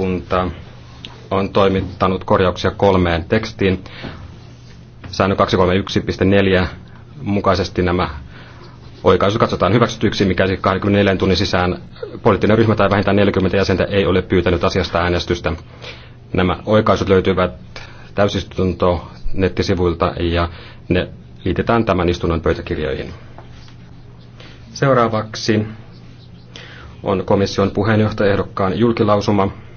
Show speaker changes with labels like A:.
A: valiokunta on toimittanut korjauksia kolmeen tekstiin. Säännö 231.4 mukaisesti nämä oikaisut katsotaan hyväksytyksi, mikäli siis 24 tunnin sisään poliittinen ryhmä tai vähintään 40 jäsentä ei ole pyytänyt asiasta äänestystä. Nämä oikaisut löytyvät täysistunto nettisivuilta ja ne liitetään tämän istunnon pöytäkirjoihin. Seuraavaksi on komission puheenjohtajaehdokkaan julkilausuma